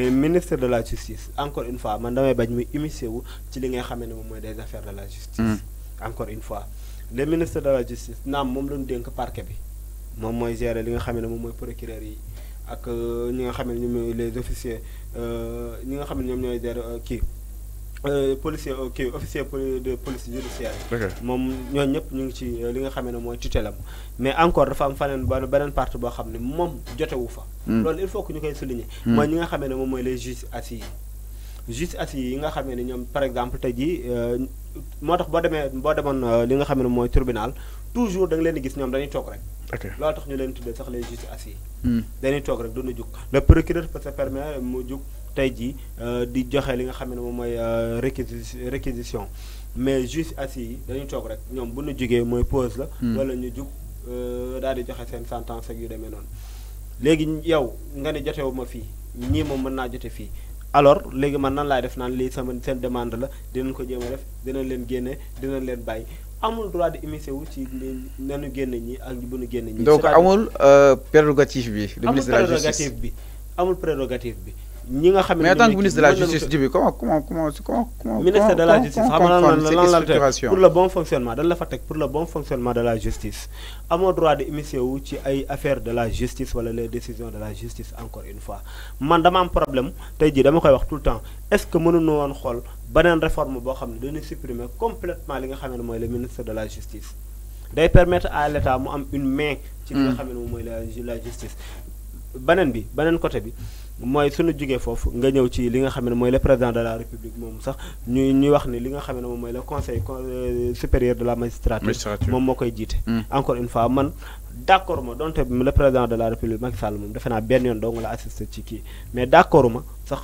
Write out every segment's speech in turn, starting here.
mais ministre de la justice encore une fois man damay bañ mu immiscé wu ci li nga xamee ne moom mooy des affaires de la justice. Mm. encore une fois le ministre de la justice naam moom la denk dénk parquet bi moom mooy gérer li nga xam ne moom mooy procureur yi ak euh, ñi nga xam ne ñoom ñooy les officiers euh, ñi nga xam ñoom ñooy gérer euh, kii. Euh, policier ok officier de police judiciaire moom ñooñu ñëpp ñu ngi ci li nga xam ne mooy tutelam mais encore dafa am faneen ba beneen partie boo xam ne moom jotewu fa hmm. loolu il faut que ñu koy souligner hmm. mooy ñi nga xam ne moom mooy les juges assis yi juges assis yi nga xam ne ñoom par exemple tey jii euh, moo tax boo demee boo demoon euh, li nga xam ne mooy tribunal toujours da nga leen di gis ñoom dañuy toog rek loolu tax ñu leen tuddee sax les juges assis yi hmm. dañuy toog rek duna jug le procureur peut se permettre mu jug tey euh di joxe li nga xamné ne moy mooy euh, réquisition mais juste assis dañu tok rek ñom bu ñu jugee mooy pause la. Hmm. wala ñu jug euh, daal di joxe seen sentence ak yu démé non légui yow nga ne jotewuma fii fi ñi mën mëna jotté fi alors légui man nan lay def nan li sama seen demande la dinañ ko jéem a def dinañ leen génné dinañ leen bay amul droit de émissé wu ci nanu génné ñi ak bu nu génne ñi. donc amul euh prérogative bi. le ministre de la justice amul prérogative bi amul prérogative bi nga mais en tant que ministre de la justice jibi comment comment comment comment ministre de la justice xam pour le bon fonctionnement dans la fa pour le bon fonctionnement de la justice amoo droit de émisser wu ci ay de la justice wala les décisions de la justice encore une fois man dama am problème T'as dit, dama koy wax tout le temps est-ce que mënuñu woon xool une réforme boo xam ne dañuy supprimer complètement li nga xam le ministre de la justice de permettre à l'État mu am une main ci li nga hmm. la la justice banane, bi beneen côté bi mooy suñu jugee foofu nga ñëw ci li nga xam ne mooy le président de la république moom sax ñu ñuy wax ni li nga xam ne moom mooy la conseil euh, supérieur de la magistrature moom moo koy jiite hmm. encore une fois man d'accord ma donte le président de la république Macky Sall moom defe naa benn yoon dong la assisté ci kii mais d'accord ma sax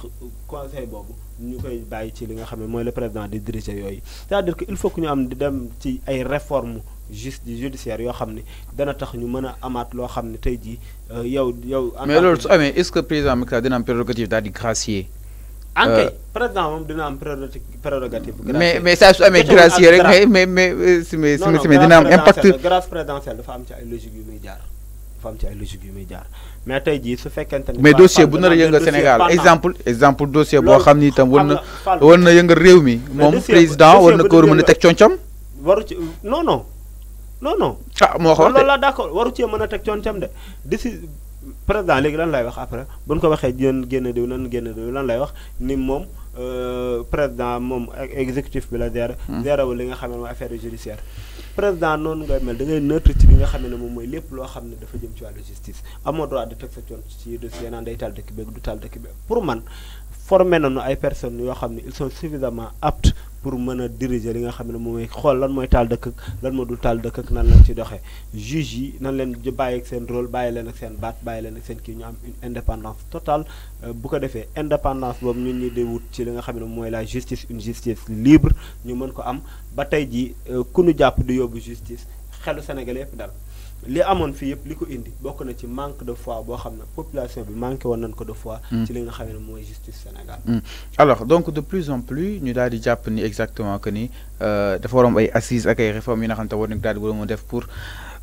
conseil boobu ñu koy bàyyi ci li nga xam ne mooy la président di diriger yooyu c'est-à-dire que il faut di dem ci ay réformes juste judiciaire yo y est-ce que président dina prérogative di gracier. président mom dina am prérogative. Ah, euh, mais mais c'est su gracier mais mais mais mais grâce présidentielle am ci ay logique yu muy mais su mais dossier Sénégal exemple exemple dossier vous xamni tam président vous ko non non. non non. ah moo ko la d' waru cee mën a teg coon cam de décis président lan lay wax après bu ñu ko waxee yéen génn diw nan génn diw lan lay wax ni moom euh, président moom exécutif bi la gérer. Hmm. gérer li nga xam ne mooy affaire judiciaire. président noonu ngay mel da ngay ci nga xam ne moom mooy lépp loo xam ne dafa jëm ci wàllu justice amoo droit de teg sa coon ci dossier naan day taal dëkk beeg du taal dëkk beeg pour man. na nañu ay personnes yoo xam ne ils sont suffisamment aptes pour mën a diriger li nga xam ne moom mooy xool lan mooy taal dëkk ak lan moo dul taal dëkk ak nan lañ ci doxee juge yi nan leen bàyyi ak seen rôle bàyyi leen ak seen baat bàyyi leen ak seen kii ñu am une indépendance totale euh, bu ko defee indépendance boobu ñun ñi di wut ci li nga xam ne mooy la justice une justice libre ñu mën ko am ba tey ji euh, ku nu jàpp du yóbbu justice xelu sénégal yëpp dal li amone fi plus indi bokk na ci manque de foi bo xamna population bi manqué won nañ ko de foi. Hmm. ci li nga Sénégal. Hmm. alors donc de plus en plus ñu daal di japp ni exactement que ni euh, dafa waroon ay assises ak ay réformes yi nga pour.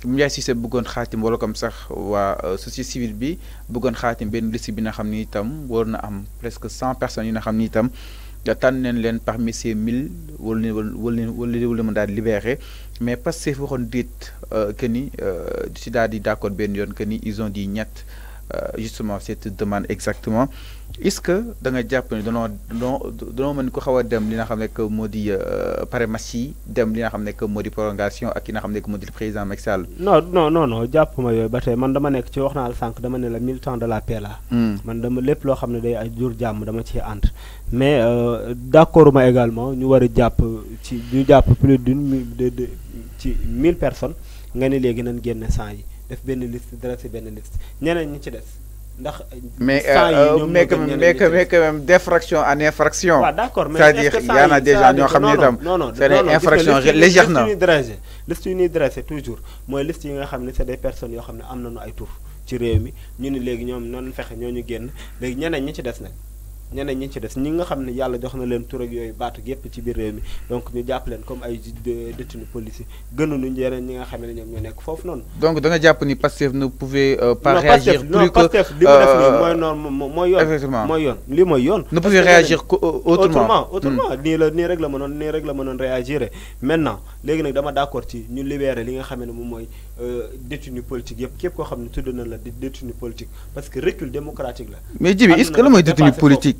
si Cissé bëggoon xaatim wala comme sax wa euh, société civile bi bëggoon xaatim ben liste bi nga xamni tam worna am presque 100 personnes yi nga xamni tam da tànn neen leen parmi ces 1000 wala wala wala wala mu daal di mais parce que waxone dit euh, que ni euh, ci daal di d'accord ben yon que ni ils ont dit ñett. Euh, justement cette demande exactement est-ce que da nga japp ne do do do mën ko xawa dem li nga xam que moo di euh, dem li nga xam que moo prolongation ak li nga xam que moo président Macky Sall. non non non non japp ma yoy batay man dama nek ci wax sank la dama ne la militant de la paix là hmm. man dama lepp lo xam day ay jur jàmm dama ci entre mais euh, d'accord ma également ñu wara japp ci ñu japp plus d'une de ci 1000 personnes nga ne légui nañu génne sang yi. def benn liste dressé benn liste ñeneen ñi ci des. ndax mais mais mais quand même d'infraction en infraction. waaw d'accord mais c'est-à-dire y en a déjà ñoo xam ne itam. non non c'est des infractions légères na liste yu ñuy dressé liste yu ñuy dressé toujours mooy liste yi nga xam ne c'est des personnes yoo xam ne am nañu ay tur ci réew mi ñu ne léegi ñoom noonu fexe ñoo ñu génn léegi ñeneen ñi ci des nag. ñeneen ñi ci des ñi nga xam ne yàlla jox na leen tur ak yooyu baatu yépp ci biir réew mi donc ñu jàpp leen comme ay détenu policier gënuñu ñeneen ñi nga xam ne ñoom ñoo nekk foofu noonu. donc da nga jàpp ni Pastef ne pouvait euh, pas réagir plus que Pastef li mu def nii euh, mooy norme mooy yoon. effectivement mooy yoon lii mooy yoon. ne pouvait réagir autrement hmm. autrement nii la nii rek la mënoon nii rek la mënoon réagir maintenant léegi nag dama d'accord ci ñu libérer li nga xam ne moom mooy euh, détenu politique yëpp képp koo xam ne tudd na la détenu politique parce que recul démocratique la. mais Djibi est-ce que la mooy détenu politique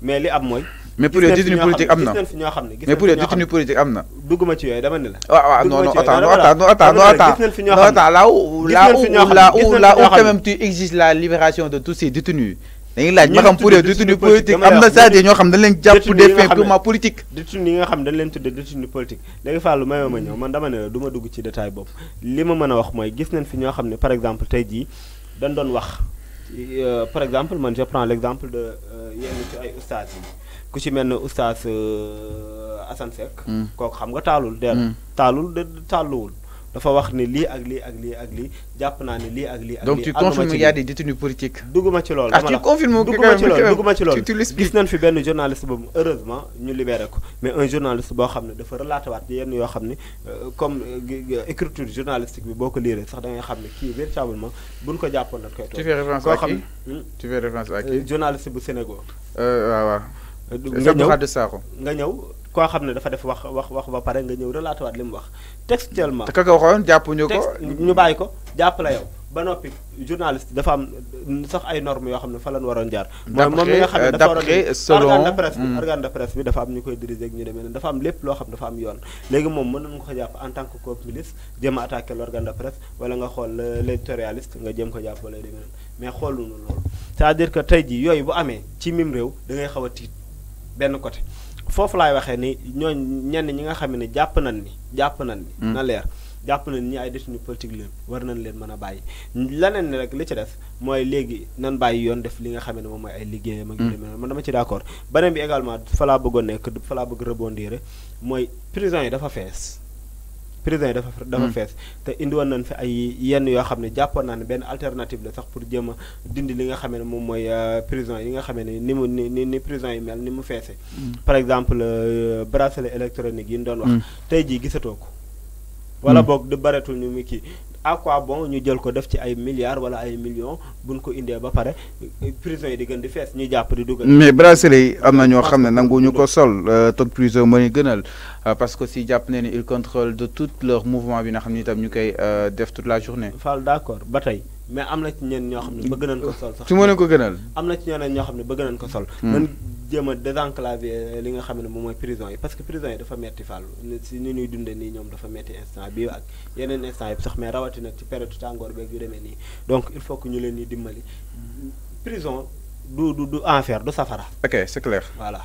mais li am moy mais pour les détenus politiques amna mais pour les détenus politiques amna duguma ci yoy dama ne la. wa ah, waaw ah, non non attends non attends non attends non attends là où là où là où là où quand même tu exiges la libération de tous ces détenus. dañuy laaj ma xam pour les détenus politiques amna na cest à ñoo xam dañ leen japp pour des fins purement politique détenus yi nga xam dañ leen tuddee détenus politiques léegi fallu mayoo ma ñëw man dama ne duma du ma dugg ci détail bop li ma mëna wax moy gis nañ fi ñoo xam ne par exemple tay ji dañ doon wax Euh, par exemple man je prends l' exemple de euh, yenn ci ay ustaas yi ku ci mel ne ustaas euh, Assane Seck. Hmm. kooku xam nga taalul. der hmm. taalul de taaluwul. dafa wax ni lii ak lii ak lii ak lii jàpp naa ni lii ak lii. ak lii donc tu confirmes qu'il y a des détenus politiques. dugguma ci loolu. ah tu confirmes dugguma ci loolu dugguma ci loolu. gis nañ fi benn journaliste boobu heureusement ñu libéré ko mais un journaliste boo xam ne dafa relaté waat yenn yoo xam ne euh, comme euh, écriture journalistique bi boo ko liiree sax da ngay xam ne kii véritablement buñ ko jàppoon dañ koy toog. tu fais référence à qui hmm? tu fais référence à qui euh, journaliste bu Sénégal. waaw ah, waaw. nga ñëw nga ñëw. koo xam ne dafa def wax wax wax ba pare nga ñëw relaté waat li mu wax textuellement. te ka ko waxoon jàpp ñu ko ñu bàyyi ko jàpp la yow. ba noppi journaliste dafa am sax ay norme yoo xam ne fa lañ waroon jaar. mooy moom mi nga xam ne dafa euh, waroon organe de hmm. de presse bi dafa am ñu koy diriger ak ñu demee ne dafa am lépp loo xam dafa am yoon. léegi moom mën nañu ko jàpp en tant que complice jéem a attaqué l' organe de presse wala nga xool l'éditorialiste nga jéem ko jàpp wala demee mais xooluñu loolu. c'est-à-dire que tey jii yooyu bu amee ci mim réew da ngay xaw a tiit benn côté. foofu laay waxee ni ñooñ ñenn ñi nga xam ne jàpp nañ ni jàpp nañ ni hmm. na leer jàpp nañ ñi ay détenu politique leen war nañ leen mën a bàyyi leneen rek li ci def mooy léegi nan bàyyi yoon def li nga xam ne moom mooy ay liggéeyam ak hmm. demee man dama ci d'accord beneen bi également fa laa bëggoon nekk fa laa bëgg rebondir mooy prison yi dafa fees prison yi dafa dafa hmm. fees te indi woon nañ fi ay yenn yoo xam ne jàppoon naa ne benn alternative la sax pour jéem a dindi li nga xam ne moom mooy euh, prison yi nga xam ne ni mu ni ni prison yi mel ni mu feese hmm. par exemple euh, bracelet électronique yi ñu doon wax hmm. tey jii gisatoo ko wala boog du bareetul ñu mu kii à quoi bon ñu jël ko def ci ay milliards wala ay millions buñ ko indé ba paré euh, prison yi di gën di fess ñu japp di dugal. mais bracelet amna am na ñoo xam ne nanguwuñu ko sol euh, tok prison moo ñu gënal euh, parce que si japp né il contrôle de tout leur mouvement bi nga xamni tam itam ñu koy def toute la journée. Fall d'accord batay mais am na ci ñen ñoo xam ne bëgg nañ ko sol sax. su ma leen ko gënal. am na ci ñen ñoo xam ne bëgg nañ ko sol. Hmm jéem a désenclaver euh, li nga xam ne moom mooy prison yi parce que prison yi dafa metti fàllu si ni ñuy dunde nii ñoom dafa metti instant bii ak yeneen instant yi sax mais rawatina ci période tàngoor beeg yu demee nii donc il faut que ñu leen di dimbali prison du du du enfer du safara. ok c'est clair voilà.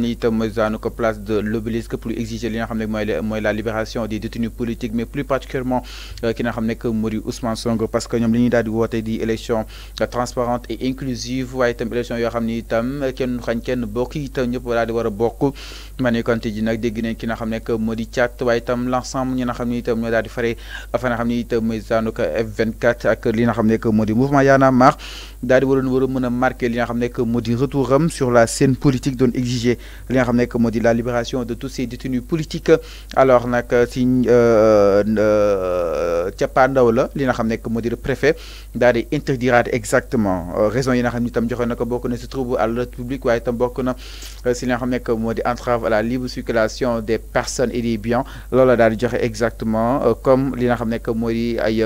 xam ne ko place de l'obélisque pour exiger li nga xam ne la libération des détenus politiques mais plus particulièrement euh, ki nga xam que Mori Ousmane Sonko parce que ñoom li ñuy daal di di élection euh, transparente et inclusive waaye itam élection yoo xam ne itam kenn xañ kenn bokk itam ñëpp daal di war a bokk manifestant ji nag dégg nañ ki nga xamné ne que moo di Thiat waaye l'ensemble ñi nga xam itam ñoo daal di fare fa nga xam itam mooy zaanu F24 ak li nga xamné ne que moo mouvement yana mar marre daal di waroon war a mën marqué li nga xamné ne que moo di retouram sur la scène politique don exiger li nga xam nekk la libération de tous ces détenus politiques alors nag si euh, euh, euh, cappaandaw la li nga xam nekk moo di le préfet daal di interdiraat exactement raison yi nga xam ni tam joxe na ko bokk na si trouble à l'ordre public waaye itam bokk na si li nga xam nekk moo di entrave à la libre circulation des personnes et des biens loola daal di exactement comme li nga xam nekk moo ay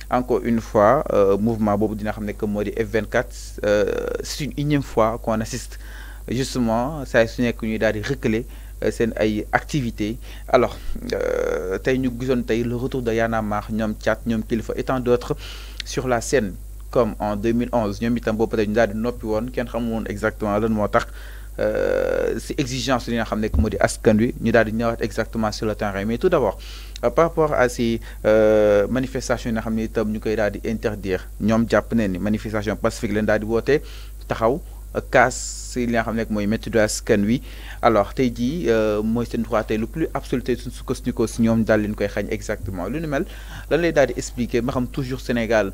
encore une fois euh, mouvement bobu dina F24 euh, c'est une énième fois qu'on assiste justement ça su nekk ñuy daal di reculer euh, ay alors tay ñu gisoon le retour de Yana Mar, ñom chat ñom ñoom et tant d'autres sur la scène comme en 2011 ñom itam boobu peut-être ñu daal di nopi won ken xamu won exactement lan moo euh, c'est exigence li nga xam ne Modi di askan wi ñu daal di exactement sur le terrain mais tout d'abord euh, par rapport à ces euh, manifestations yi nga xam ne ñu koy daal di interdire ñoom jàpp ne ni manifestation pacifique leen daal di woote taxaw kaas si li nga xam ne mooy métti du askan wi alors tey jii c'est un droit tey le plus absolu tey suñ que si ñoom daal leen koy xañ exactement lu numéro mel lan lay daal di expliquer xam toujours Sénégal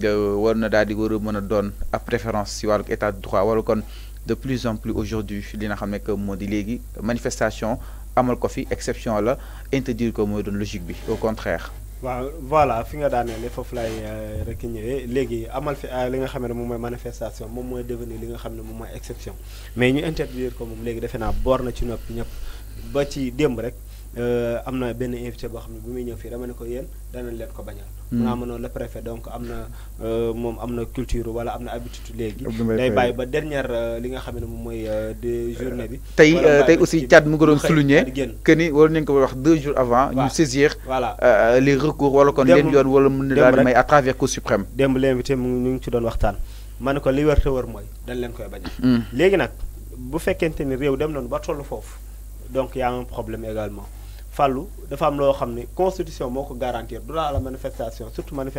war na daal di war a donne à préférence sur l'état de droit ou kon de plus en plus aujourd'hui li nga xamné que modi légui manifestation amal ko fi exception la interdire ko mooy doon logique bi au contraire. voilà fi nga né foofu lay euh, rek ñëwee léegi amal fi euh, li nga xamné ne moom manifestation moom mooy devenir li nga xamné ne exception mais ñu interdire ko moom léegi defe naa boor ci noppi ñëpp ba ci démb rek. Euh, am a invité bo xamni bu muy ñëw fi dama ko hmm. le préfet donc amna euh, culture wala amna habitude légui day bay dernière euh, li nga xamni mooy aussi Thiat mu souligner que ni war deux jours avant. ñu saisir. les recours wala kon leen yoon à travers Cour suprême. demb l'invité mu ñu ci doon waxtaan. ko li leen koy bañal. Hmm. légui nak bu donc y a un problème également nous dafa am loo xam constitution moo garantir la manifestation surtout manifestation